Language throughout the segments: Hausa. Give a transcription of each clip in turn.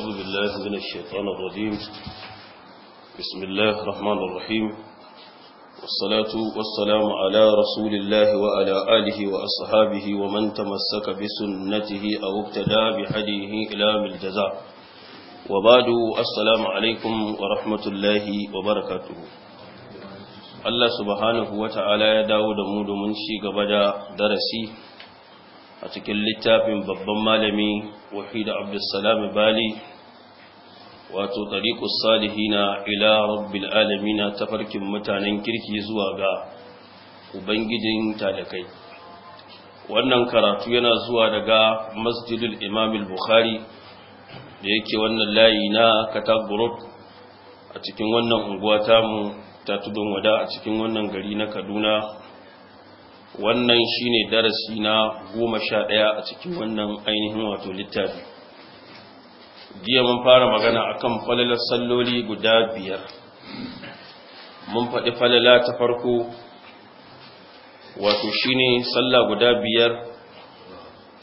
أعوذ بالله من الشيطان الرجيم بسم الله الرحمن الرحيم والصلاة والسلام على رسول الله وعلى آله وأصحابه ومن تمسك بسنته أو ابتدى بحديه إلى ملجزاء وبعد السلام عليكم ورحمة الله وبركاته Allah subhanahu wa ta'ala ya dawo da mu domin shi gaba da darasi a cikin littafin babban malami wahida abdussalam bali wato Salihi salihina ila rabbil ta farkin mutanen kirki zuwa ga ubangijin talakai wannan karatu yana zuwa daga masjidul imam al-bukhari da yake wannan layi na katagurut a cikin wannan unguwa tamu ta tudun wada a cikin wannan gari na kaduna wannan shine darasi na goma sha ɗaya a cikin wannan ainihin wato littafi jiya mun fara magana akan falalar salloli guda biyar mun faɗi falala ta farko wato shine sallah guda biyar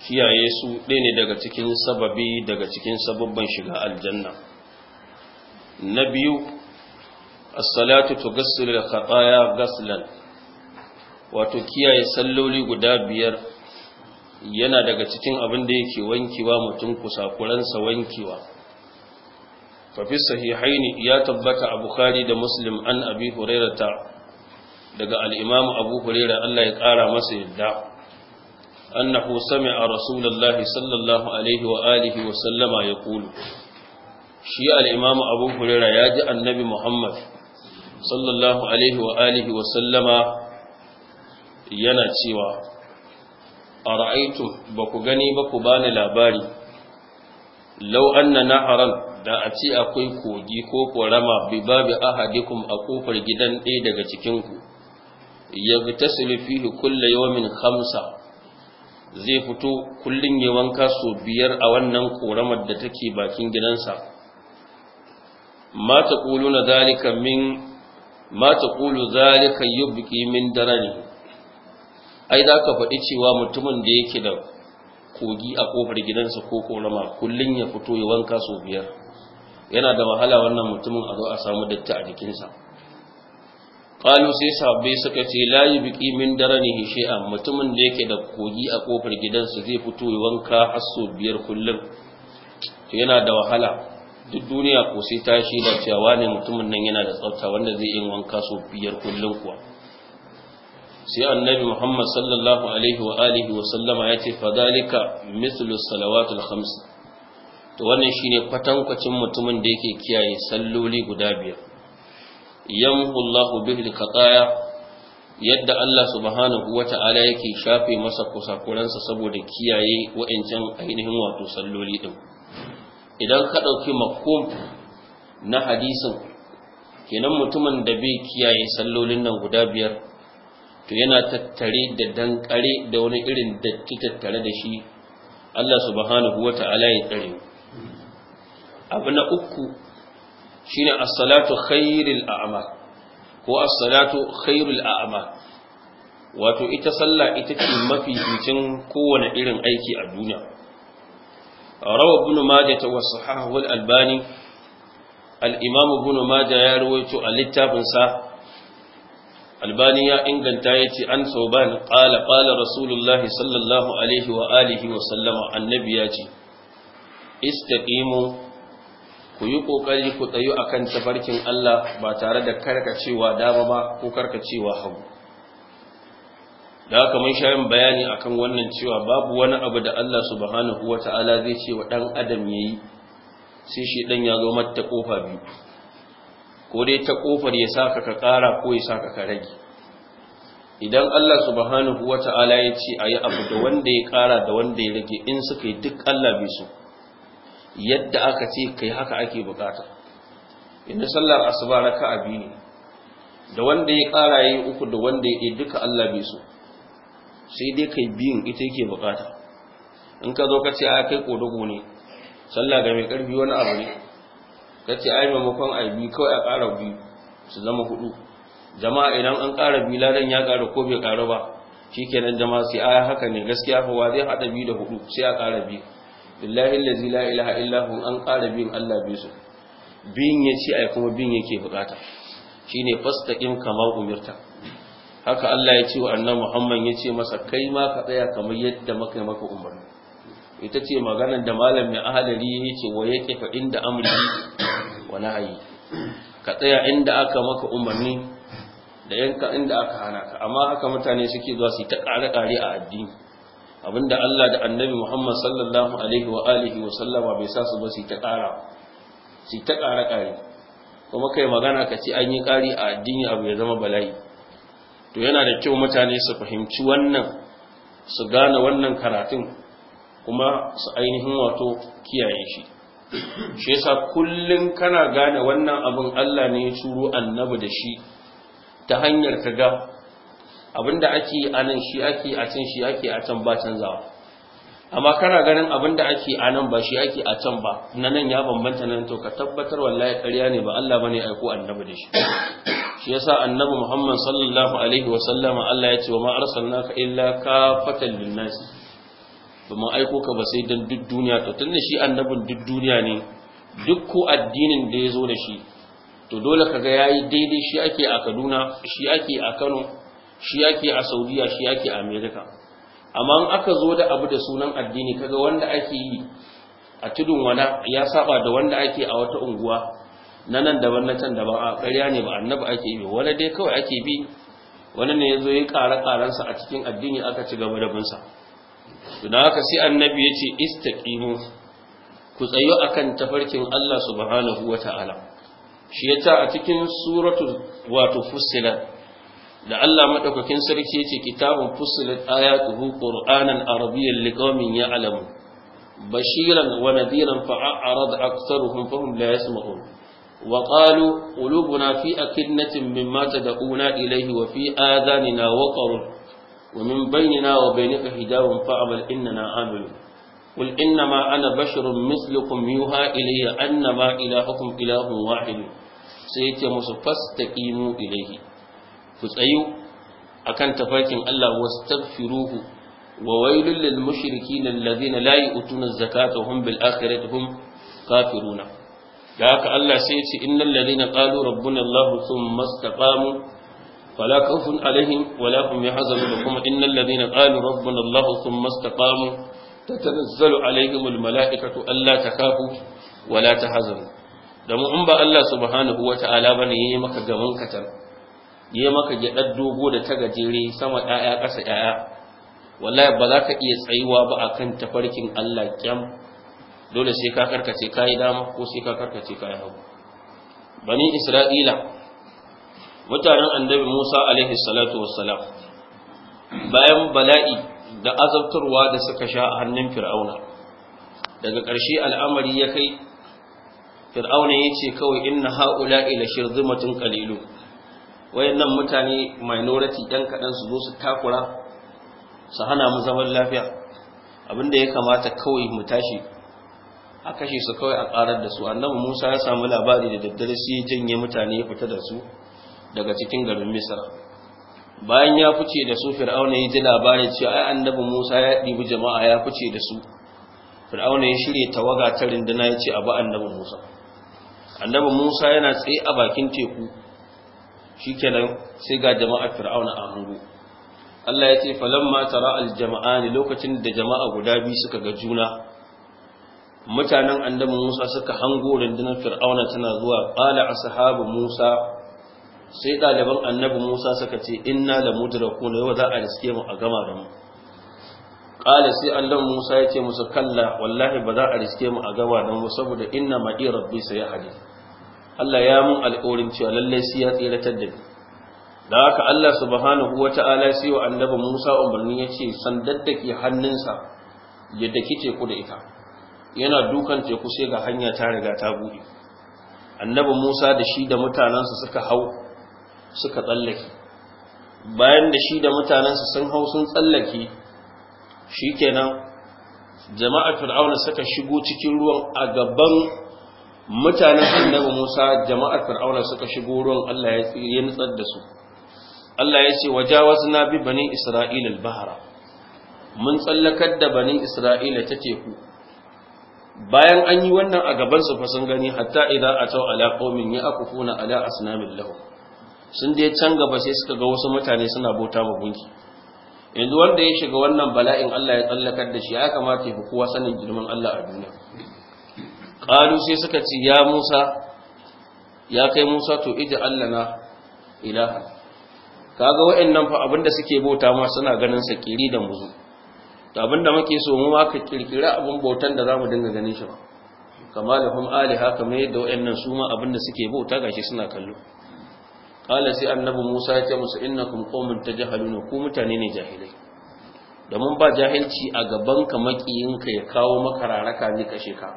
kiyaye su ɗaya ne daga cikin sababi daga cikin sababban shiga aljanna na biyu as gasu da kaɗaya khataaya lantarki. wato kiyaye salloli guda biyar yana daga cikin abin da yake wankewa mutum kusakuransa wankewa fafi sahihaini ya tabbata a bukhari da muslim an abi daga al'imamu abu huraira Allah ya ƙara masa yadda annahu sami a rasulallahi sallallahu alaihi wa alihi wa sallama ya kulu shi al'imamu abu huraira ya ji annabi muhammad sallallahu alaihi wa alihi wa sallama yana cewa a ra'aitu ba ku gani ba ku bani labari lau na naharan da a ce akwai kogi ko korama bi aha ahadikum a kofar gidan ɗaya daga cikinku ya bi ta fihi kulle yawamin hamsa zai fito kullum ya wanka sau biyar a wannan koramar da take bakin gidansa Mata ƙulu na zalika min mata ta ƙulu zalika yubki min darani ai za ka faɗi cewa mutumin da yake da kogi a kofar gidansa ko korama kullum ya fito ya wanka sau biyar yana da wahala wannan mutumin a zo a samu datti a jikinsa ƙalu sai sabbai suka ce layi biki min daranihi a mutumin da yake da kogi a kofar gidansa zai fito ya wanka har sau biyar kullum yana da wahala duk duniya ko sai ta shi da cewa ne mutumin nan yana da tsafta wanda zai yi wanka sau biyar kullum kuwa sai annabi Muhammad sallallahu alaihi wa alihi wa sallama ya ce fadalika mithlu salawatul khams to wannan shine kwatankwacin mutumin da yake kiyaye salloli guda biyar yamhu Allahu bihi al yadda Allah subhanahu wata'ala yake shafe masa kusakuransa saboda kiyaye wa'ancan ainihin wato salloli din idan ka dauki mafhum na hadisin kenan mutumin da bai kiyaye sallolin nan guda biyar to yana tattare da dankare da wani irin datti tattare da shi Allah subhanahu wa ta'ala ya tsare abu na uku shine as-salatu khairul a'mal ko as-salatu khairul a'mal wato ita sallah ita ce mafi hicin kowane irin aiki a duniya rawa ibn majah wa sahahu al-albani al-imam ibn majah ya rawaito a littafinsa albani ya inganta ya ce an sauban ƙala ƙala rasulullahi sallallahu alaihi wa alihi wa sallama annabi ya ce istaqimu ku yi ƙoƙari ku tsayu akan tafarkin Allah ba tare da karkacewa dama ba ko karkacewa hagu da haka mun shayin bayani akan wannan cewa babu wani abu da Allah subhanahu ta'ala zai ce wa ɗan adam yi. sai shi ɗan ya zo mata kofa biyu ko dai ta kofar ya saka ka ƙara ko ya saka ka rage idan Allah subhanahu wata'ala ya ce ayi abu da wanda ya ƙara da wanda ya rage in suka yi duk Allah bai so yadda aka ce kai haka ake bukata inda sallar asuba a biyu ne da wanda ya ƙara yi uku da wanda ya yi duka Allah bai so sai dai kai biyun ita yake bukata in ka zo ka ce a kai kodogo ne sallah ga mai karfi wani abu ne ta ce ai maimakon a biyu kawai a ƙara biyu su zama hudu jama'a idan an ƙara biyu ladan ya ƙara ko bai ƙara ba kenan jama'a sai ai haka ne gaskiya fa wa zai haɗa biyu da hudu sai a ƙara biyu billahi allazi la ilaha illa hu an ƙara biyun Allah bi su Bin ya ce ai kuma biyun yake bukata shine fastaqim kama umirta haka Allah ya ce wa annabi Muhammad ya ce masa kai ma ka tsaya kamar yadda makai yi maka umarni ita ce maganar da malamin ahadari ya ce wa yake fa inda amri wa nahayi ka tsaya inda aka maka umarni da yanka inda aka hana ka amma haka mutane suke zuwa su ta ƙara ƙari a addini abinda Allah da Annabi Muhammad sallallahu alaihi wa alihi wa sallama bai sa su ba su ta ƙara su ta kuma kai magana ka ce an yi ƙari a addini abu ya zama bala'i to yana da kyau mutane su fahimci wannan su gane wannan karatun kuma su ainihin wato kiyaye shi shi yasa kullun kana gane wannan abin Allah ne ya turo annabi da shi ta hanyar ka ga abinda ake anan shi ake a can shi ake a can ba canzawa amma kana ganin abin da ake anan ba shi ake a can ba na nan ya bambanta nan to ka tabbatar wallahi ƙarya ne ba Allah bane aiko annabi da shi shi yasa annabi Muhammad sallallahu alaihi wa sallama Allah ya ce wa ma arsalnaka illa kafatan lin-nas ba aiko ka ba sai dan duk duniya to tunda shi annabin duk duniya ne duk ko addinin da ya zo da shi to dole ka ga yayi daidai shi ake a Kaduna shi ake a Kano shi ake a Saudiya shi ake a America amma in aka zo da abu da sunan addini kaga wanda ake yi a tudun wana ya saba da wanda ake a wata unguwa na nan daban na can daban a ƙarya ne ba annabi ake bi wani dai kawai ake bi wani ne ya zo ya ƙara ƙaransa a cikin addini aka ci gaba da binsa da haka sai annabi ya ce istaqimu ku tsayo akan tafarkin Allah subhanahu wata'ala shi ta a cikin suratu wato fussilat da Allah madaukakin sarki yace kitabun fussilat ayatuhu qur'anan arabiyyan liqaumin ya'lamun bashiran wa nadiran Arad, aktharuhum fahum la yasma'un wa qalu qulubuna fi akinnatin mimma tad'una ilayhi wa fi adhanina waqarun ومن بيننا وبينك حجاب فأبل إننا عاملون قل إنما أنا بشر مثلكم يوحى إلي أنما إلهكم إله واحد سيتي فاستقيموا إليه فتأيوا أكن تفاكين الله واستغفروه وويل للمشركين الذين لا يؤتون الزكاة وهم بالآخرة هم كافرون ذاك الله سيتي إن الذين قالوا ربنا الله ثم استقاموا فلا خوف عليهم ولا هم يحزنون لكم إن الذين قالوا ربنا الله ثم استقاموا تتنزل عليهم الملائكة ألا تخافوا ولا تحزنوا دم إن الله سبحانه وتعالى بني يمك جمن كتر يمك جدد دوغو تجري سما آيا قس آيا wallahi ba za ka iya tsayuwa ba akan tafarkin Allah kyam dole sai ka karkace kayi dama ko sai ka karkace kayi hagu bani isra'ila mutanen annabi Musa alaihi salatu wassalam bayan bala'i da azabtarwa da suka sha a hannun fir'auna daga ƙarshe al'amari ya kai fir'auna ya ce kawai inna ha'ula ila shirzimatun qalilu wayannan mutane minority ɗan kaɗan su zo su takura su hana mu zaman lafiya abinda ya kamata kawai mu tashi a kashe su kawai a ƙarar da su annabi Musa ya samu labari da daddare sai ya janye mutane ya fita da su daga cikin garin misra bayan ya fice da su fir'auna ya ji labarin cewa ai annabi musa ya ɗibi jama'a ya fice da su fir'auna ya shirya tawaga ta rinduna ya ce abu annabi musa annabi musa yana tsaye a bakin teku shikenan sai ga jama'a fir'auna a hango Allah ya ce falamma tara ne lokacin da jama'a guda biyu suka ga juna mutanen annabi Musa suka hango rundunar Fir'auna tana zuwa qala ashabu Musa sai ɗaliban annabi musa suka ce inna la mudrakun yau za a riske mu a gama da mu qala sai annabi musa ya ce musu kalla wallahi ba za a riske mu a gama da mu saboda inna ma'i rabbi sai hadi Allah ya mun alƙawarin cewa lallai sai ya tsiratar da ni da haka Allah subhanahu wata'ala sai wa annabi musa umarni ya ce sandar da ke hannunsa ya teku da ita yana dukan teku sai ga hanya ta riga ta buɗe annabi musa da shi da mutanensa suka hau suka tsallake bayan da shi da mutanensa sun hau sun tsallake shikenan jama'a fir'auna suka shigo cikin ruwan a gaban mutanen annabi Musa jama'a fir'auna suka shigo ruwan Allah ya ya nutsar da su Allah ya ce wajawazna bi bani isra'ila al-bahra mun tsallakar da bani isra'ila ta teku bayan an yi wannan a gaban su fa sun gani hatta idan a tau ala qaumin akufuna ala asnamin lahum sun dai can gaba sai suka ga wasu mutane suna bauta ma gunki yanzu wanda ya shiga wannan bala'in Allah ya tsallakar da shi ya kamata ya fi kowa sanin girman Allah a duniya qalu sai suka ce ya Musa ya kai Musa to ija Allah na ilaha kaga wayannan fa abinda suke bauta ma suna ganin sa kiri da muzu to abinda muke so mu ma ka kirkira abin bautan da zamu dinga ganin shi ba kamalahum da aliha kamar yadda wayannan su ma abinda suke bauta gashi suna kallo kala sai annabi Musa ya ce musu innakum qaumun tajhaluna ku mutane ne jahilai domin ba jahilci a gaban ka makiyin ka ya kawo maka raraka ne kashe ka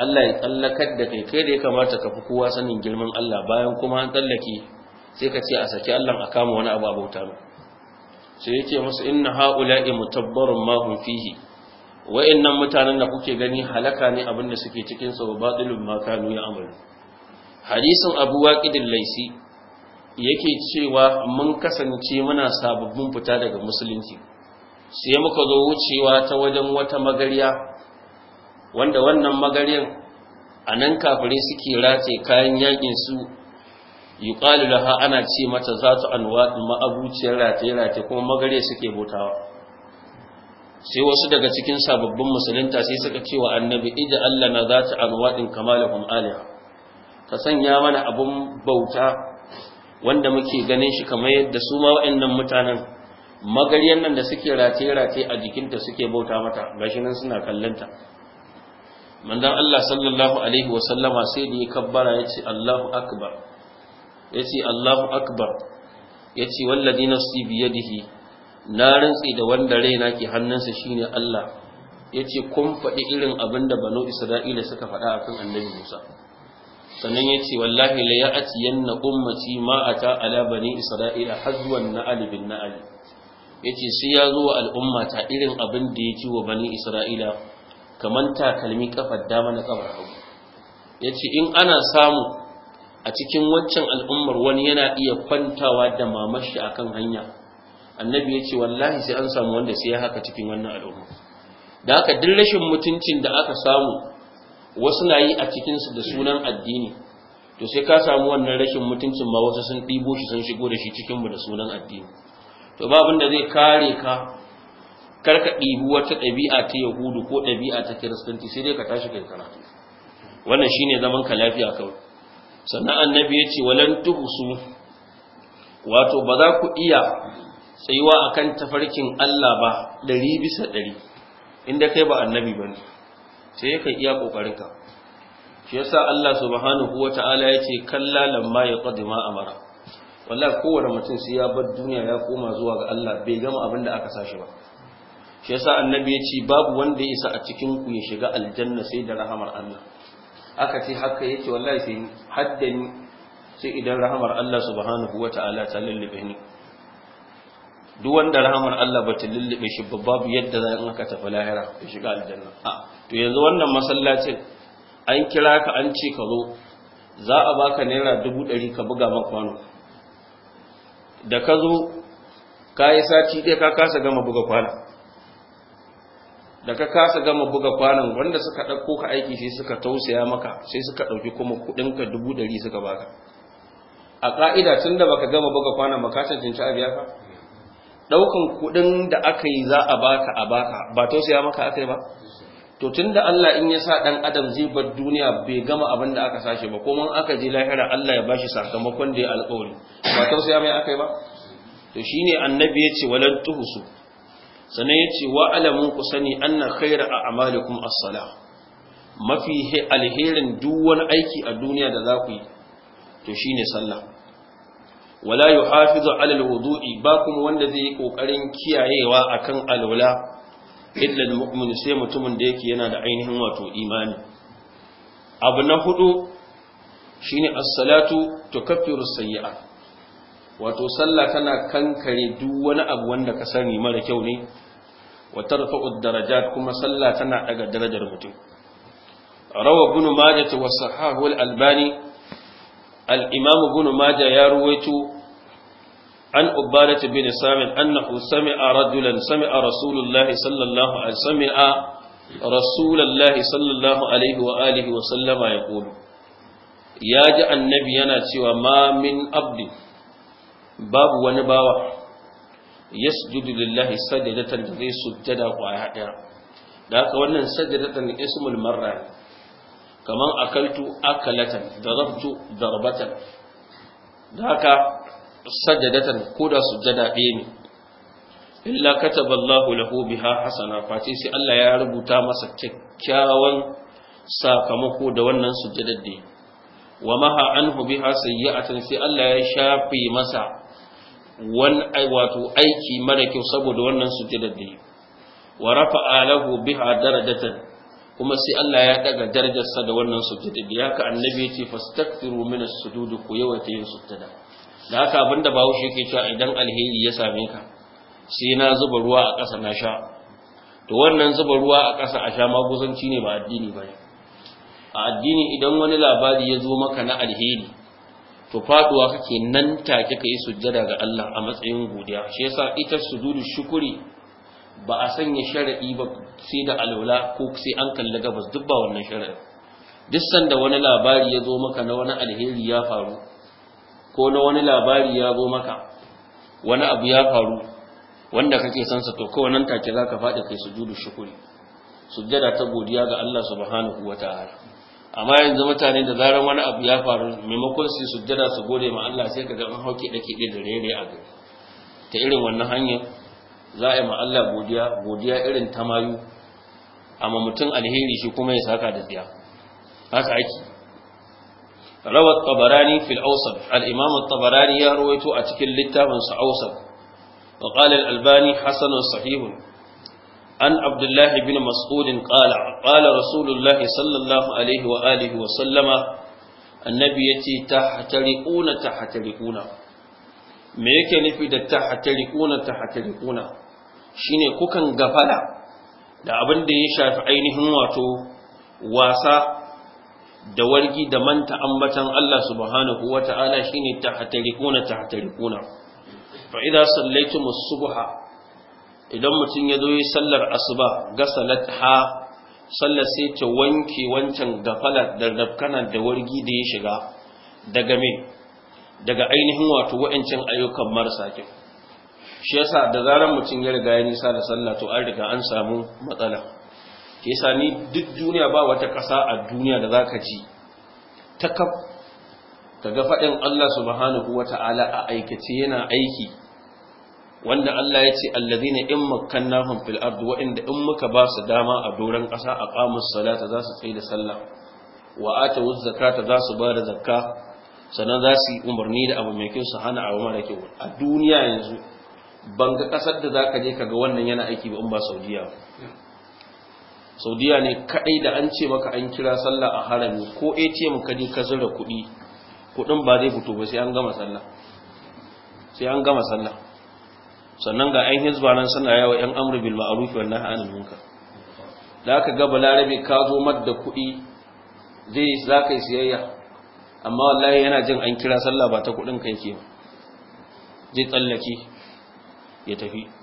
Allah ya tsallakar da kai kai da ya kamata ka fi kowa sanin girman Allah bayan kuma an tsallake sai ka ce a saki Allah a kama wani abu abauta ne. sai ya ce musu inna haula'i mutabbarun ma hum fihi wa'annan mutanen da kuke gani halaka ne abin da suke cikin sa batilun ma kanu ya amalu hadisin Abu Waqid laisi yake cewa mun kasance muna sababbin fita daga musulunci sai muka zo wucewa ta wajen wata magariya wanda wannan magariyar a nan kafirai suke race kayan yakin su yuqalu laha ana ce mata za zatu anwa ma'abuciyar rataye rataye kuma magariyar suke botawa sai wasu daga cikin sababbin musulunta sai suka cewa annabi ija Allah na za ta anwaɗin Kuma Aliyu. ka sanya mana abin bauta wanda muke ganin shi kamar yadda su ma waɗannan mutanen magaryan nan da suke rataye-rataye a jikinta suke bauta mata gashi nan suna kallonta manzon Allah sallallahu alaihi wa sallama sai da ya kabbara yace Allahu akbar yace Allahu akbar yace wallazi nafsi bi yadihi na rantsi da wanda raina ke hannunsa shine Allah yace kun faɗi irin abin da banu Isra'ila suka faɗa akan annabi Musa sannan ya ce wallahi la ya ati yanna ummati ma ata ala bani isra'ila hazwan na'al bin na'al yace sai ya zo wa al'umma ta irin abin da ci wa bani isra'ila kaman takalmi kafar dama na kafar hagu yace in ana samu a cikin waccan al'ummar wani yana iya kwantawa da mamashi akan hanya annabi yace wallahi sai an samu wanda sai ya haka cikin wannan al'umma da haka duk rashin mutuncin da aka samu wasu na yi a cikinsu da sunan addini to sai ka samu wannan rashin mutuncin ma wasu sun ɗibo shi sun shigo da shi cikinmu da sunan addini to ba abin da zai kare ka karka ɗibi wata ɗabi'a ta yahudu ko ɗabi'a ta kiristanci sai dai ka tashi kai karatu wannan shine zaman ka lafiya kawai sannan annabi ya ce walan tuhsu wato ba za ku iya tsayuwa akan tafarkin Allah ba ɗari bisa ɗari inda kai ba annabi ba ne sai kai iya kokarin ka shi yasa Allah subhanahu wata'ala ce kalla lamma ma amara wallahi kowane mutum sai ya bar duniya ya koma zuwa ga Allah bai gama abin da aka sashi ba shi yasa annabi ya ce babu wanda ya isa a cikin ku ya shiga aljanna sai da rahamar Allah aka ce haka yake wallahi sai haddani sai idan rahamar Allah subhanahu wataala ta lullube ni duk wanda rahamar Allah ba ta lullube shi ba babu yadda za in aka tafi lahira ya shiga aljanna a to yanzu wannan masallacin an kira ka an ce ka zo za a baka naira dubu ɗari ka buga maka kwano da ka zo ka yi sati ɗaya ka kasa gama buga kwana da ka kasa gama buga kwanan wanda suka ɗauko ka aiki sai suka tausaya maka sai suka ɗauki kuma kuɗinka dubu ɗari suka baka a ƙa'ida tun da baka gama buga kwanan ba ka cancanci a biya ka daukan kudin da aka yi za a baka a baka ba tausaya maka aka yi ba to tun da Allah in ya sa dan adam zai bar duniya bai gama abin da aka sashi ba kuma aka je lahira Allah ya bashi sakamakon da ya alƙawari ba tausaya mai aka yi ba to shine annabi ya ce walan tuhusu sannan ya ce wa alamun ku sani anna khaira a amalikum as-salah mafi alherin duk wani aiki a duniya da za ku yi to shine sallah wala yuhafizu على الوضوء ba kuma wanda zai yi kokarin kiyayewa akan alwala illa almu'min sai mutumin da yake yana da ainihin wato imani abu na hudu shine as-salatu tukaffiru sayyi'a wato sallah tana kankare duk wani abu wanda ka sani mara kyau ne wa tarfa'u darajat kuma sallah tana daga darajar mutum rawa ibn majah wa sahahu al-albani الإمام ابن ماجه يرويته an ubbadata bin samin annahu sami'a rajulan sami'a rasulullahi sallallahu alaihi sami'a sallallahu alaihi wa alihi wa ya ji annabi yana cewa ma min abdi babu wani bawa yasjudu lillahi sajadatan da zai sujjada kwaya daya da haka wannan sajadatan ismul marra kamar akaltu akalatan darabtu darbatan da haka sajadatan ko da sujjada ɗaya ne illa kataba Allahu lahu biha hasana face sai Allah ya rubuta masa kyakkyawan sakamako da wannan sujjadar da wa maha anhu biha sayyi'atan sai Allah ya shafi masa wan wato aiki mara kyau saboda wannan sujjadar da wa rafa'a lahu biha darajatan kuma sai Allah ya daga darajarsa da wannan sujjadar da ka annabi ce fastaghfiru min as-sujud ku yawaita yin sujjada da haka abinda shi yake cewa idan alheri ya same ka sai na zuba ruwa a ƙasa na sha to wannan zuba ruwa a ƙasa a sha maguzanci ne ba addini ba a addini idan wani labari ya zo maka na alheri to faduwa kake nan take ka yi sujjada ga Allah a matsayin godiya shi yasa ita sujudu shukuri ba a sanya sharaɗi ba sai da alwala ko sai an kalli gabas duk ba wannan shar'i duk sanda wani labari ya zo maka na wani alheri ya faru ko na wani labari ya zo maka wani abu ya faru wanda kake sansa to kawai nan take zaka faɗi kai sujudu shukuri sujjada ta godiya ga Allah subhanahu wataala amma yanzu mutane da zaran wani abu ya faru maimakon su sujjada su gode ma Allah sai kaga an hauke dake da rere a gari ta irin wannan hanyar za a yi ma Allah godiya godiya irin ta mayu amma mutum alheri shi kuma ya saka da tsiya haka ake روى الطبراني في الأوسط الإمام الطبراني يرويت أتكل للتابنس أوسط وقال الألباني حسن صحيح عن عبد الله بن مسعود قال قال رسول الله صلى الله عليه وآله وسلم النبي يتي تحترقون تحترقون me yake nufi da tahatarikuna tahatarikuna shine kukan gafala da abin da ya shafi ainihin wato wasa da wargi da manta ambatan Allah subhanahu wata'ala shine tahtarikuna tahtarikuna fa idza sallaitu musu subha idan ya zo yi sallar asuba ga ha-ha-ha, sallar sai ta wanke wancan gafala da rabkana da wargi da ya shiga daga me daga ainihin wato wa'ancin ayyukan marasa kyau shi yasa da zaran mutum ya riga ya nisa da sallah to an riga an samu matsala yasa ni duk duniya ba wata ƙasa a duniya da ka ji ta kaf ga faɗin Allah subhanahu wata'ala a aikace yana aiki wanda Allah ya ce Allah in makkannahum fil ardi wa inda in muka ba su dama a doron ƙasa a qamus salata za su tsaye da sallah wa atu zakata za su ba da zakka sannan za su yi umarni da abu mai kyau su hana abu mara kyau a duniya yanzu ban ga ƙasar da zaka je kaga wannan yana aiki ba in ba Saudiya ba saudiya ne kadai da an ce maka an kira sallah a harami ko atm ka je ka zura kuɗi kuɗin ba zai fito ba sai an gama sallah sai an gama sallah sannan ga ainihin zubanan suna yawa yan amru bil ma'ruf wal nahy anil munkar da aka ga balarabe ka zo madda kuɗi zai za ka yi siyayya amma wallahi yana jin an kira sallah ba ta kuɗin ka yake ba zai tsallake ya tafi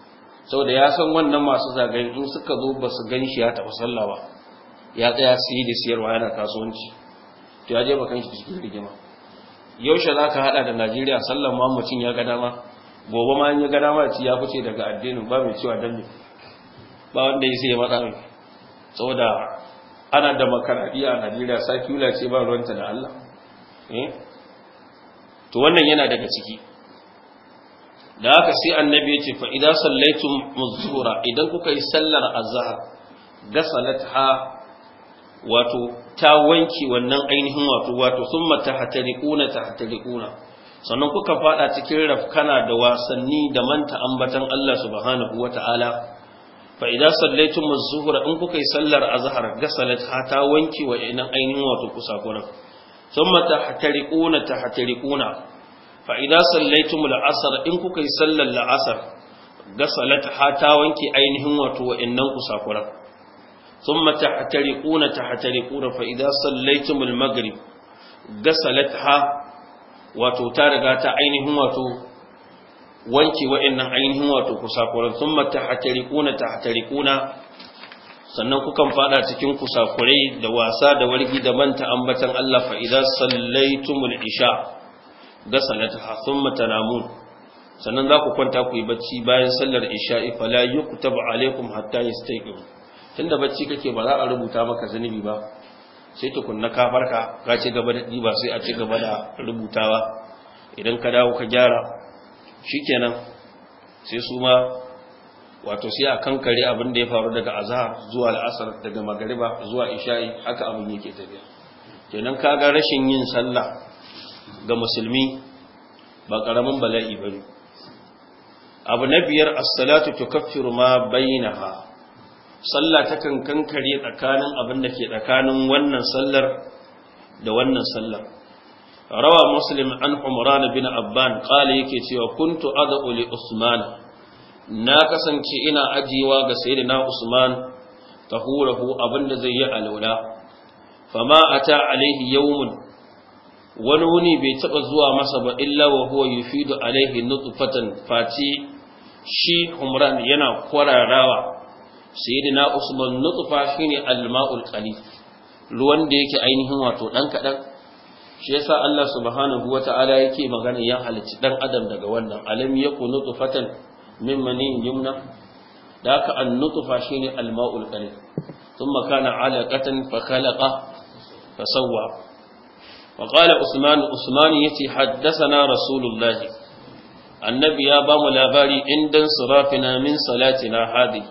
saboda ya san wannan masu zagayen in suka zo ba su gan shi ya taɓa sallah ba ya tsaya yi da siyarwa yana kasuwanci to ya je kan shi cikin rigima yaushe za ka haɗa da najeriya sallan ma mutum ya ga dama gobe ma ya ga dama ci ya fice daga addinin ba mai cewa dambe ba wanda ya sai ya matsa mai saboda ana da makaradiya a najeriya sakula ce ba ruwanta da allah eh? to wannan yana daga ciki da haka sai annabi ya ce fa idan sallaitum muzura idan kuka yi sallar azhar gasalatha wato ta wanki wannan ainihin wato wato summa ta tahtariquna sannan kuka fada cikin rafkana da wasanni da manta ambatan Allah subhanahu wataala fa idan sallaitum az in kuka yi sallar azhar gasalat ta wanki wa ainihin wato kusakuran summa ta tahtariquna fa idan sallaitu al-asr in kuka yi sallar la'asar, asr gasalat hata wanki ainihin wato wa'annan kusakuran thumma tahtariquna tahtariquna fa sallaitu sallaitum al-maghrib salata ha wato ta riga ta ainihin wato wanki wa'annan ainihin wato kusakuran thumma tahtariquna tahtariquna sannan kukan fada cikin kusakurai da wasa da wargi da manta ambatan Allah fa idza sallaitumul isha غسلتها ثم تنامون sannan za ku kwanta ku yi bacci bayan sallar isha'i fala taba alaikum hatta tun tunda bacci kake ba za a rubuta maka zunubi ba sai tukunna ka farka ka ci gaba da ɗiba sai a cigaba gaba da rubutawa idan ka dawo ka gyara shi kenan, sai su ma wato sai a kankare abin da ya faru daga azahar zuwa al'asar daga magariba zuwa isha'i haka abin yake tafiya kenan ga rashin yin sallah ga musulmi ba ƙaramin bala'i ba abu na biyar assalatu tukaffiru ma bainaha sallah takan kankare tsakanin abin da ke tsakanin wannan sallar da wannan sallar rawa muslim an umran bin abban ƙala yake cewa kuntu ad'u li usman na kasance ina ajiyewa ga sayyidina usman tahurahu abin da zai yi alaula fama ata alaihi yawmun wani wuni bai taɓa zuwa masa ba illa wa huwa yufidu alaihi nutfatan fati shi umran yana kwararawa sayyidina usman nutfa shine alma'ul qalil ruwan da yake ainihin wato dan kadan shi yasa Allah subhanahu wata'ala yake magana ya halicci dan adam daga wannan alam yakun nutfatan min manin yumna da haka an nutfa shine alma'ul qalil thumma kana alaqatan fa khalaqa fasawwa وقال عثمان عثمان يتي حدثنا رسول الله annabi ya bamu mu labari indan surafina min na hadi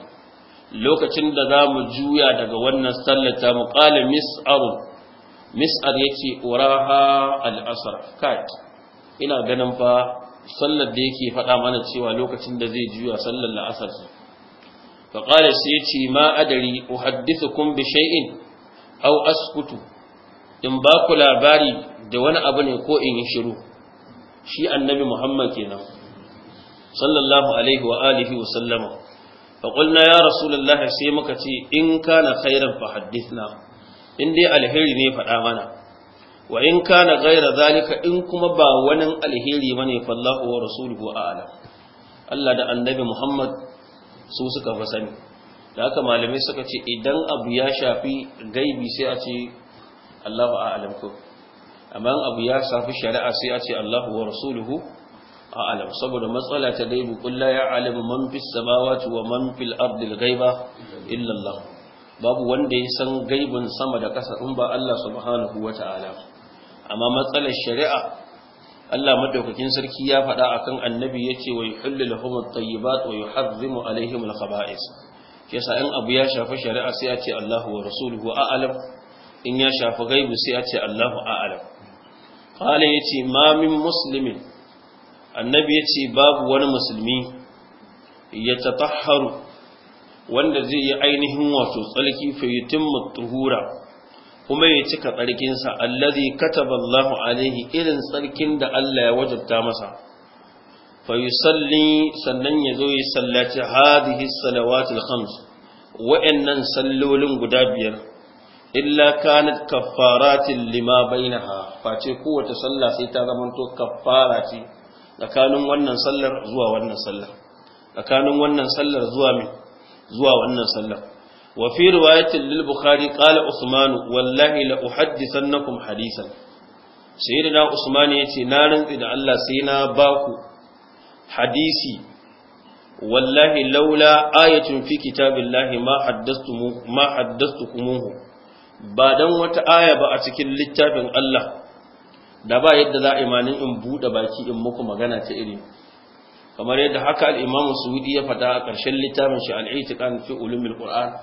lokacin da za mu juya daga wannan sallata mu qala mis'ar mis'ar yake uraha al-asr kat ina ganin fa sallar da yake faɗa mana cewa lokacin da zai juya sallar la'asar sa fa qala sai yace ma adari uhaddithukum bi shay'in aw askutu in ba ku labari da wani abu ne ko in yi shiru shi annabi muhammad kenan sallallahu alaihi wa alihi wa sallama fa qulna ya rasulullahi sai muka ce in kana khairan fa hadithna in dai alheri ne faɗa mana wa in kana ghaira zalika in kuma ba wani alheri bane fa Allahu wa rasuluhu a'lam Allah da annabi Muhammad su suka fa sani da haka malamai suka ce idan abu ya shafi gaibi sai a ce Allahu a'lam ko amma abu ya safi shari'a sai a ce Allahu wa rasuluhu a'lam saboda matsala ta gaibu kullu ya alamu man fis samawati wa man fil ardi al-ghaiba illa Allah babu wanda ya san gaibin sama da ƙasa in ba Allah subhanahu Ta'ala, amma matsalar shari'a Allah madaukakin sarki ya faɗa akan annabi yace wa yuhillu lahum at-tayyibat wa yuharrimu alaihim al-khaba'is yasa in abu ya shafi shari'a sai a ce Allahu wa rasuluhu a'lam in ya shafi gaibu sai a ce Allahu a'lam qala yace ma min muslimin annabi yace babu wani musulmi ya tatahharu wanda zai yi ainihin wato tsalki fa yutimmu tuhura kuma ya cika tsarkinsa allazi kataba Allahu alaihi irin tsarkin da Allah ya wajabta masa fa yusalli sannan ya zo ya sallaci hadhihi salawatul khams wa'annan sallolin guda biyar illa kanat kaffaratin lima bainaha face kowace sallah sai ta zamanto kaffara ce tsakanin wannan sallar zuwa wannan sallar tsakanin wannan sallar zuwa min zuwa wannan sallar wa fi riwayatin lil bukhari qala usman wallahi la uhaddithannakum hadisan sayyidina usman yace na rantsi da Allah sai na ba ku. hadisi wallahi laula ayatun fi kitabillahi ma haddastu ma haddathtukumuhu ba dan wata aya ba a cikin littafin Allah da ba yadda za a imanin in buɗe baki in muku magana ta iri kamar yadda haka al-Imam ya fata a ƙarshen littafin shi al-Itiqan fi ulumil Qur'an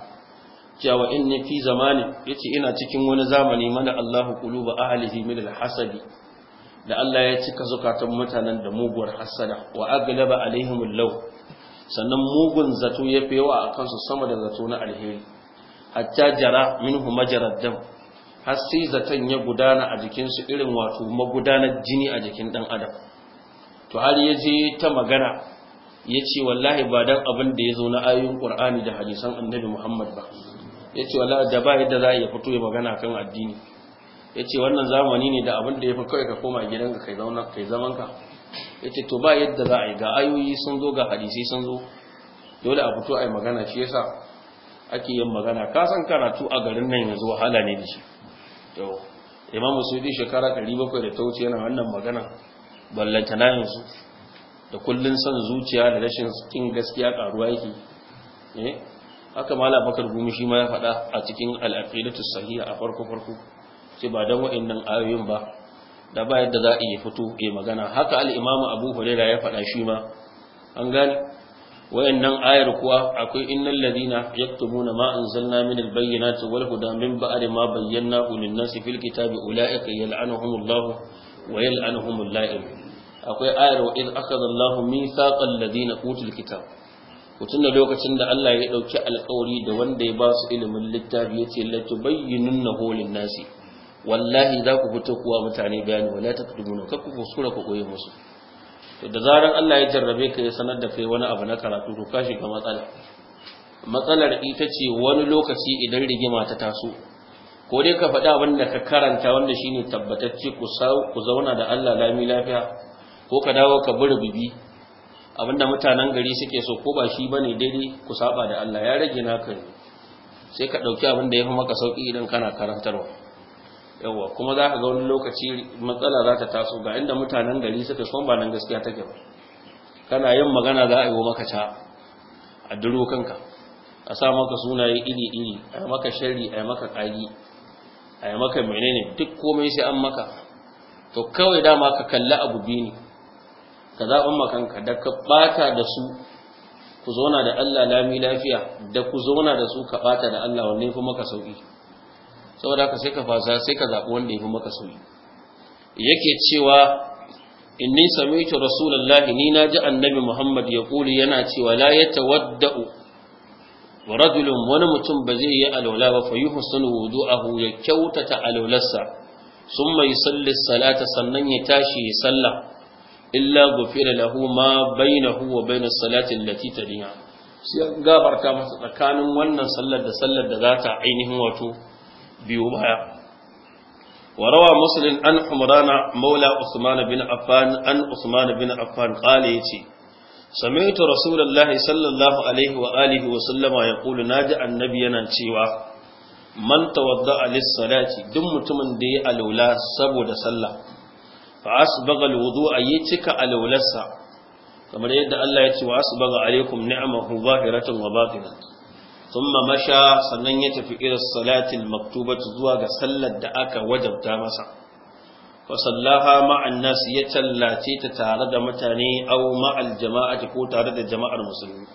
cewa inni fi zamani yace ina cikin wani zamani mana Allahu quluba ahlihi min al-hasadi da Allah ya cika zukatan mutanen da muguwar hasada wa aglaba alaihim lau sannan mugun zato ya fi yawa a kansu sama da zato na alheri hatta jara minhu majarad dam har sai zaton ya gudana a jikinsu irin wato magudanar jini a jikin dan adam to har ya je ta magana ya ce wallahi ba dan abin da ya zo na ayoyin qur'ani da hadisan annabi muhammad ba ya ce wallahi da ba yadda za a iya fito ya magana kan addini ya ce wannan zamani ne da abin da ya fi kawai ka koma gidanka kai zauna kai zamanka ya ce to ba yadda za a yi ga ayoyi sun zo ga hadisi sun zo dole a fito a yi magana shi yasa ake yin magana kasan karatu a garin nan yanzu wahala ne da shi yau imam Musulmi shekara 700 da ta wuce yana wannan magana ballanta na yanzu da kullun san zuciya da rashin kin gaskiya karuwa yake eh haka malam bakar gumi shi ma ya faɗa a cikin al-aqidatu sahiha a farko farko sai ba dan wa'annan ayoyin ba da ba yadda za a iya fito ke magana haka al-imamu abu hurairah ya faɗa shi ma an gane wayannan ayar kuwa akwai innal ladina yaktubuna ma anzalna min albayyinati wal huda min ba'di ma bayyana lin nasi fil kitabi ulaika yal'anuhumullahu wa yal'anuhumul la'in akwai ayar wa id akhadha Allahu mithaqal ladina utul kitab mutum da lokacin da Allah ya dauki alƙawari da wanda ya ba su ilimin littafi yace la tubayyinunnahu lin nasi wallahi za ku fito kuwa mutane bayani wala takdubuna kakku kusura ku koyi musu to da zarar Allah ya jarrabe ka ya sanar da kai wani abu na karatu to ka shiga matsala matsalar ita ce wani lokaci idan rigima ta taso ko dai ka faɗi abin da ka karanta wanda shine tabbatacce ku zauna da Allah lami lafiya ko ka dawo ka bi rububi abinda mutanen gari suke so ko ba shi bane daidai ku saba da Allah ya rage naka sai ka ɗauki abin da ya fi maka sauƙi idan kana karantarwa yawa kuma za a ga wani lokaci matsala za ta taso ga inda mutanen gari suka son ba nan gaskiya take ba kana yin magana za a yi wa maka ca a duro kanka a sa maka sunaye iri-iri a yi maka shari a yi maka ƙagi a yi maka menene duk komai sai an maka to kawai dama ka kalli abu biyu ne ka zaɓin makanka da ka ɓata da su ku zauna da Allah lami lafiya da ku zauna da su ka ɓata da Allah wanne fi maka sauki saboda haka sai ka fasa sai ka zaɓi wanda ya fi maka sauyi yake cewa ni samitu rasulullahi ni na ji annabi muhammad ya kuli yana cewa la ya tawadda'u wa rajulun wani mutum ba zai yi alwala ba fa yuhsinu wudu'ahu ya kyautata alwalarsa sun mai salli salata sannan ya tashi ya sallah illa gufira lahu ma bainahu wa bainas salati allati tadiya sai gafarta masa tsakanin wannan sallar da sallar da za ta ainihin wato biyo baya وروى مسلم عن حمران مولى عثمان بن عفان عن عثمان بن عفان قال يتي سمعت رسول الله صلى الله عليه وآله وسلم يقول ناجع النبي نانتيوا من توضأ للصلاة دم متمن دي الولا سبو دا صلى فأسبغ الوضوء يتك الولسا كما يدى الله يتي وأسبغ عليكم نعمه ظاهرة وباطنة thumma masha sannan ya tafi ila salatin maktubatu zuwa ga sallar da aka wajabta masa fa sallaha ma'an nas ya tallace ta tare da mutane aw ma'al jama'ati ko tare da jama'ar musulmi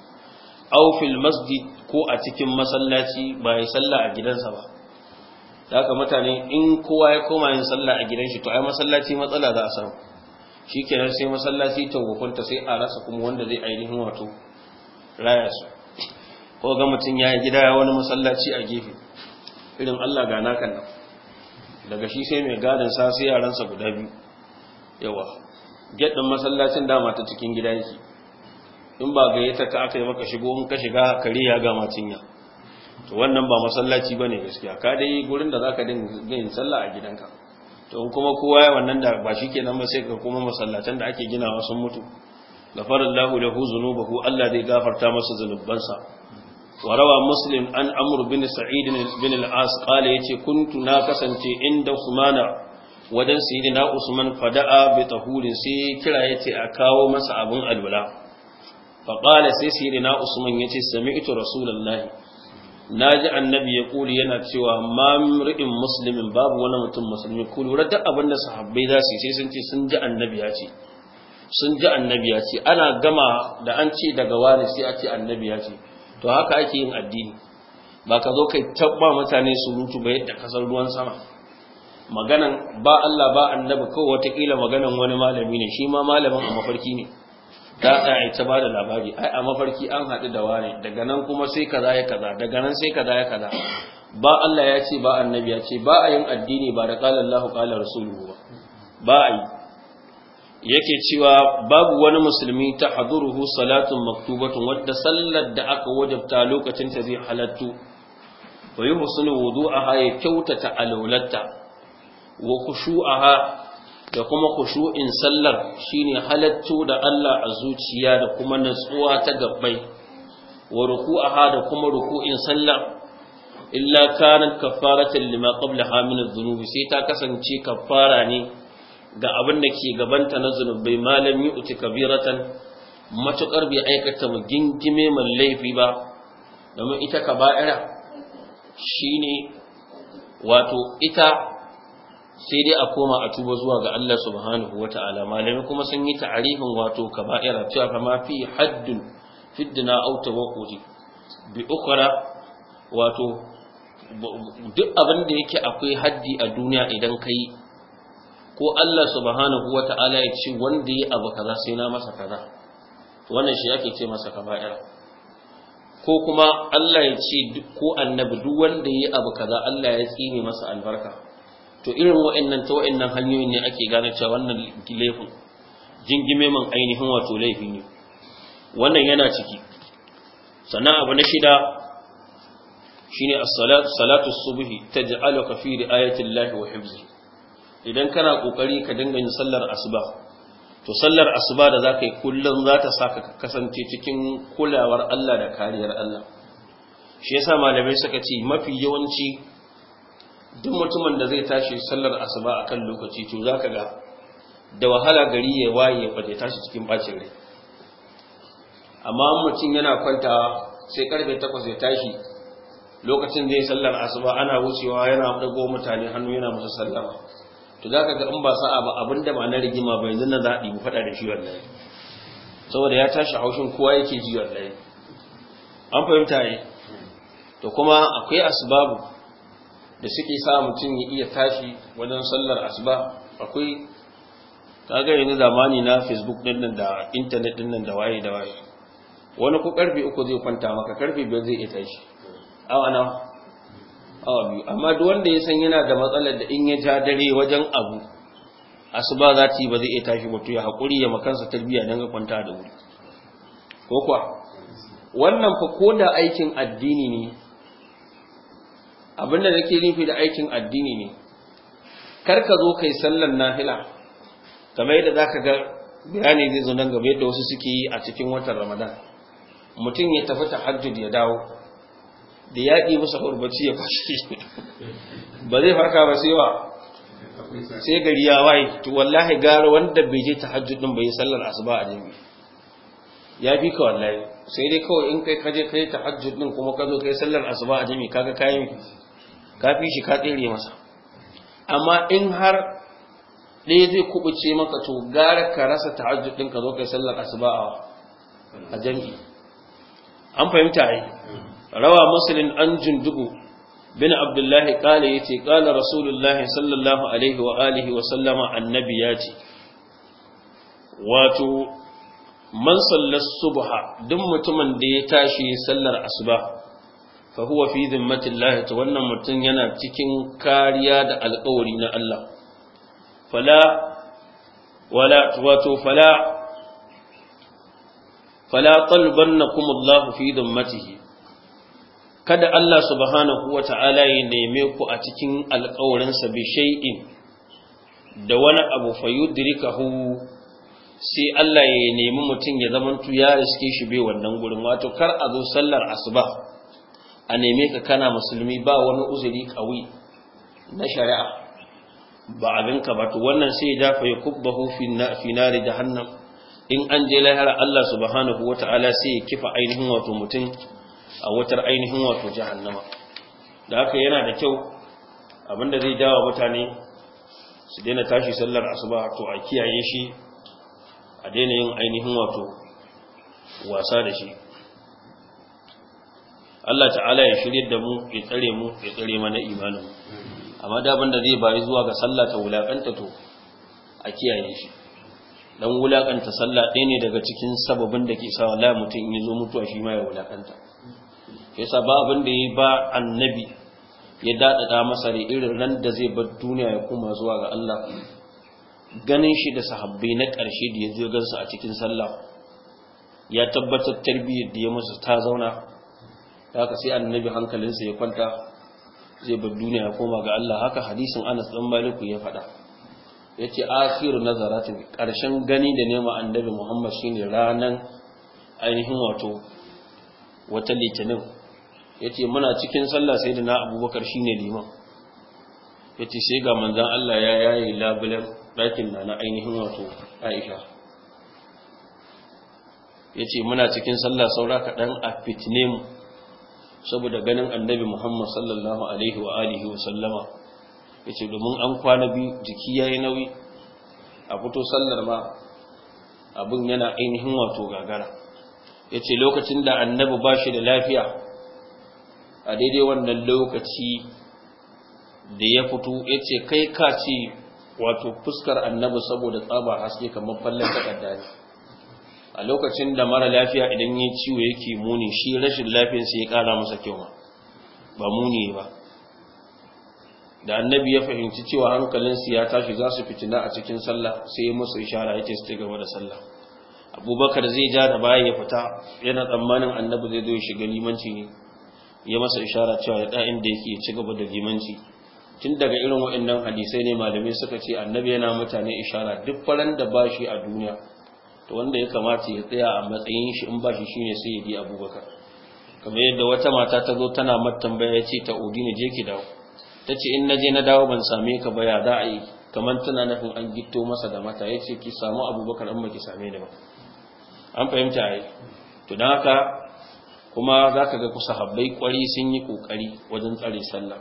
aw fil masjid ko a cikin masallaci ba ya sallah a gidansa ba da haka mutane in kowa ya koma yin sallah a gidan shi to ai masallaci matsala za a samu shikenan sai masallaci ta tawwafunta sai a rasa kuma wanda zai ainihin wato raya ko ga mutum ya yi gida ya wani masallaci a gefe irin Allah gana kan nan daga shi sai mai gadin sa sai yaransa guda biyu yawa gedin masallacin dama ta cikin gida yake in ba ga yata ka aka maka shigo in ka shiga kare ya gama ya to wannan ba masallaci bane gaskiya ka dai gurin da zaka dinga yin sallah a gidanka to in kuma kowa ya wannan da ba kenan ba sai ka kuma masallacin da ake ginawa sun mutu ghafarallahu lahu zunubahu Allah zai gafarta masa zunubansa وروى مسلم عن bin بن سعيد بن العاص قال يتي كنت ناقصا عند عثمان wajen sayyidina Usman fada'a bi sai kira yace a kawo masa abun alwala fa qala sai sayyidina Usman yace sami'tu rasulullahi naji annabi ya kuli yana cewa mamri'in muslimin babu wani mutum musulmi ku lura abin da sahabbai za su yi sai sun ce sun ji annabi ya ce sun ji annabi ya ce ana gama da an ce daga wani sai a ce annabi ya ce to haka ake yin addini ba ka zo kai tabba mutane su surutu ba yadda kasar ruwan sama maganan ba Allah ba annabi kawai watakila maganan wani malami ne shi ma malamin a mafarki ne ta yi ta ba da labari ai a mafarki an haɗu da wane daga nan kuma sai kaza ya kaza daga nan sai kaza ya kaza ba Allah ya ce ba annabi ya ce ba a yin addini ba da qala Allahu qala rasuluhu ba ba a yi yake cewa babu wani musulmi ta haduruhu salatun maktubatun wadda sallar da aka wajabta lokacin ta zai halattu wa yi husnu wudu'aha ya kyautata alawlatta wa khushu'aha da kuma khushu'in sallar shine halattu da Allah a zuciya da kuma natsuwa ta gabbai wa ruku'aha da kuma ruku'in sallar illa kanat kafaratan lima qablaha min adh-dhunubi sai ta kasance kafara ne ga abin da ke gabanta na zunubai malam yi uti kabiratan matuƙar bai aikata mu gingime mai laifi ba domin ita kaba'ira ne, wato ita sai dai a koma a tuba zuwa ga Allah subhanahu ta'ala malami kuma sun yi ta'arifin wato kaba'ira cewa fa ma fi haddun fiddina auta tawaqquti bi ukhra wato duk abin da yake akwai haddi a duniya idan kai ko Allah subhanahu ta'ala ya ce wanda ya abu kaza sai na masa kaza wannan shi yake ce masa kaba'ira ko kuma Allah ya ce ko annabi duk wanda ya abu kaza Allah ya tsine masa albarka to irin wa'annan ta wa'annan hanyoyin ne ake gane cewa wannan laifin jingime man ainihin wato laifi ne wannan yana ciki sannan abu na shida shine as-salatu as-subhi taj'aluka fi ri'ayati wa hifzihi idan kana kokari ka dinga yin sallar asuba to sallar asuba da zaka yi kullum za ta saka ka kasance cikin kulawar Allah da kariyar Allah shi yasa malamai suka ce mafi yawanci duk mutumin da zai tashi sallar asuba akan lokaci to zaka ga da wahala gari ya waye ba ya tashi cikin bacin rai amma mutum yana kwantawa sai karfe 8 ya tashi lokacin zai sallar asuba ana wucewa yana dago mutane hannu yana musu sallama to za ka ga in ba sa'a ba da ba na rigima ba yanzu na za mu faɗa da shi wallahi saboda ya tashi haushin kowa yake ji wallahi an fahimta ne to kuma akwai asbabu da suke sa mutum ya iya tashi wajen sallar asuba akwai ga yanzu zamani na facebook din nan da internet din nan da waye da waye wani ko karfe uku zai kwanta maka karfe biyar zai iya tashi awa nawa awa amma duk wanda ya san yana da matsalar da in ya ja dare wajen abu asuba za ta yi ba zai iya tashi ba to ya haƙuri ya makansa tarbiyya don ga kwanta da wuri ko kuwa wannan fa ko da aikin addini ne abinda nake nufi da aikin addini ne kar ka zo kai sallan nafila kamar yadda zaka ga bayani zai zo nan gaba yadda wasu suke yi a cikin watan Ramadan mutum ya tafi ta tahajjud ya dawo da ya ɗi musu hurbaci ya fashe ba zai farka ba sai wa sai gari ya waye to wallahi gara wanda bai je tahajjud din bai sallar asuba a jam'i. ya fi ka wallahi sai dai kawai in kai kaje kai tahajjud din kuma ka zo kai sallar asuba a jam'i. kaga kayan ka fi shi ka tsere masa amma in har ɗaya zai kubuce maka to gara ka rasa tahajjud din ka zo kai sallar asuba a jam'i. an fahimta ai rawa muslim an jundubu bin abdullahi kala yace kala rasulullahi sallallahu alaihi wa wa sallama annabi yace wato man sallar subha duk mutumin da ya tashi sallar asuba fa huwa fi zimmatillahi to wannan mutum yana cikin kariya da alƙawari na Allah fala wala wato fala fala fi zimmatihi kada Allah subhanahu wa ta'ala ya neme ku a cikin alƙawarinsa bi shay'in da wani abu fayudrikahu sai Allah ya nemi mutum ya zamantu ya riske shi bai wannan gurin wato kar a zo sallar asuba a neme ka kana musulmi ba wani uzuri kawi na shari'a ba abin ka ba to wannan sai ya dafa ya kubbahu fi nari jahannam in an je lahara Allah subhanahu wa ta'ala sai ya kifa ainihin wato mutum a wutar ainihin wato jahannama da haka yana da kyau abinda zai dawa mutane su daina tashi sallar asuba to a kiyaye shi a daina yin ainihin wato wasa da shi Allah ta'ala ya shirye da mu ya tsare mu ya tsare mana imanin amma da abinda zai bayi zuwa ga sallah ta wulakanta to a kiyaye shi dan wulakanta sallah ɗaya ne daga cikin sababin da ke sa wala mutum in zo mutuwa shi ma ya wulakanta yasa babin da ya ba annabi ya daɗaɗa masa da irin nan da zai bar duniya ya koma zuwa ga Allah ganin shi da sahabbai na ƙarshe da ya zo gansu a cikin sallah ya tabbatar tarbiyyar da ya musu ta zauna haka sai annabi hankalinsa ya kwanta zai bar duniya ya koma ga Allah haka hadisin Anas dan Maliku ya faɗa yace akhiru nazaratin ƙarshen gani da nema annabi Muhammad shine ranan ainihin wato wata litinin ya ce muna cikin sallah sai da na abubakar shi ne liman ya ce sai ga manzan Allah ya yaye labulen ɗakin na na ainihin wato aisha ya ce muna cikin sallah saura kaɗan a fitne saboda ganin annabi muhammad sallallahu alaihi wa alihi wa sallama ya ce domin an kwana biyu jiki ya yi nauyi a fito sallar ma abin yana ainihin wato gagara ya ce lokacin da annabi ba shi da lafiya a daidai wannan lokaci da ya fito ya ce kai ka ce wato fuskar annabi saboda tsaba haske kamar fallon takarda ne a lokacin da mara lafiya idan ya ciwo yake muni shi rashin lafiyarsa ya kara masa kyau ba muni ba da annabi ya fahimci cewa hankalinsu ya tashi za su fitina a cikin sallah sai ya musu ishara ya ce su gaba da sallah abubakar zai ja da baya ya fita yana tsammanin annabi zai zo ya shiga limanci ne ya masa ishara cewa ya ɗa'in da yake ci gaba da limanci tun daga irin waɗannan hadisai ne malamai suka ce annabi yana mutane ishara duk faran da ba shi a duniya to wanda ya kamata ya tsaya a matsayin shi in ba shi shine sai ya bi abubakar kamar yadda wata mata ta zo tana matambaya ya ce ta odina je ki dawo ta ce in na je na dawo ban same ka ba ya za a yi kamar tana nufin an gito masa da mata ya ce ki samu abubakar in ba ki same ni ba an fahimta ai to dan haka kuma zaka ga kusa habbai kwari sun yi kokari wajen tsare sallah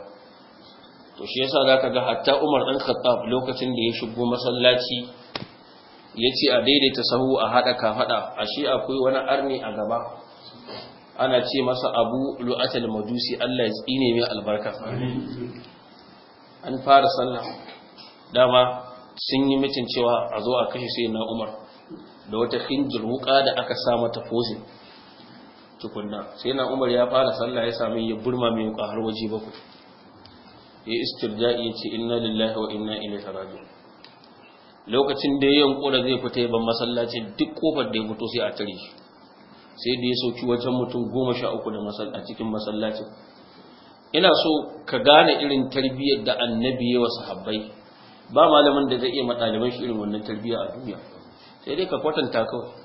to shi yasa zaka ga hatta Umar dan Khattab lokacin da ya shigo masallaci Ya ce a daidaita sahu a haɗa. A shi akwai wani arni a gaba ana ce masa Abu Lu'atul Majusi Allah ya tsine mai albarka an fara sallah dama sun yi mitin cewa a zo a kashe sai na Umar da wata hinjir wuka da aka sa mata fosin tukunna sai na umar ya fara sallah ya sami ya burma mai wuka har waje bakwai ya ya ce inna lillahi wa inna ilaihi raji'un lokacin da ya yankura zai fita ya ban masallaci duk kofar da ya fito sai a tare shi sai da ya sauki wajen mutum goma sha uku da a cikin masallacin ina so ka gane irin tarbiyyar da annabi yawa wa sahabbai ba malamin da zai iya maɗaliban shi irin wannan tarbiyyar a duniya sai dai ka kwatanta kawai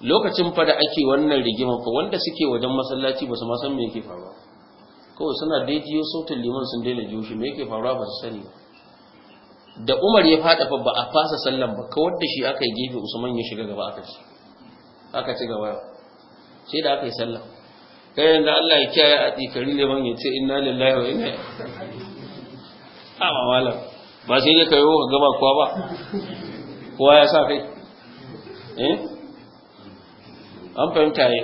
lokacin fa da ake wannan rigima ko wanda suke wajen masallaci ba su ma san me yake faruwa kawai suna daidaiyo sautin liman sun daina jiyo shi me yake faruwa ba su sani ba da Umar ya fada fa ba a fasa sallan ba kawar da shi aka yi gefe Usman ya shiga gaba aka ci aka ci gaba sai da aka yi sallah kai yanzu Allah ya kiyaye a tsikari liman ya ce inna lillahi wa inna ilaihi amma malam ba sai dai ka yi ka gaba kuwa ba kowa ya sa kai eh an fahimta yi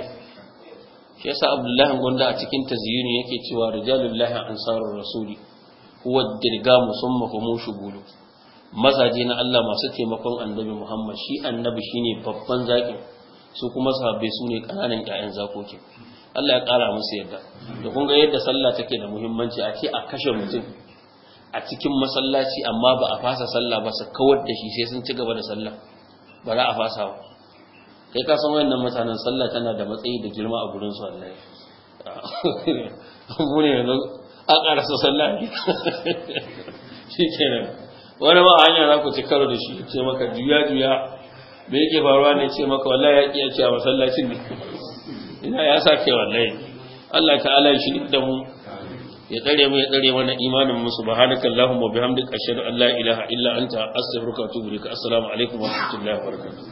shi yasa abdullahi gonda a cikin tazyini yake cewa rijalullahi ansarur rasuli huwa dirga musamma kuma shugulu mazaje na Allah masu taimakon annabi Muhammad shi annabi shine babban zakin su kuma sahabbai su ne kananan ƴaƴan zakokin Allah ya ƙara musu yadda da kun ga yadda sallah take da muhimmanci a ce a kashe mutum a cikin masallaci amma ba a fasa sallah ba su kawar da shi sai sun ci gaba da sallah ba za a fasa ba kai ka san wayannan mutanen sallah tana da matsayi da girma a gurin su wallahi mu ne yanzu a karasa sallah shi kenan wani ba hanya za ku ci karo da shi ce maka juya juya me yake faruwa ne ce maka wallahi ya ƙi ya ce a masallacin ne ina ya sa kai wallahi Allah ta'ala shi da mu ya tsare mu ya tsare mana imanin mu subhanaka allahumma bihamdika ashhadu an la ilaha illa anta astaghfiruka wa atubu ilaik assalamu alaikum wa rahmatullahi wa barakatuh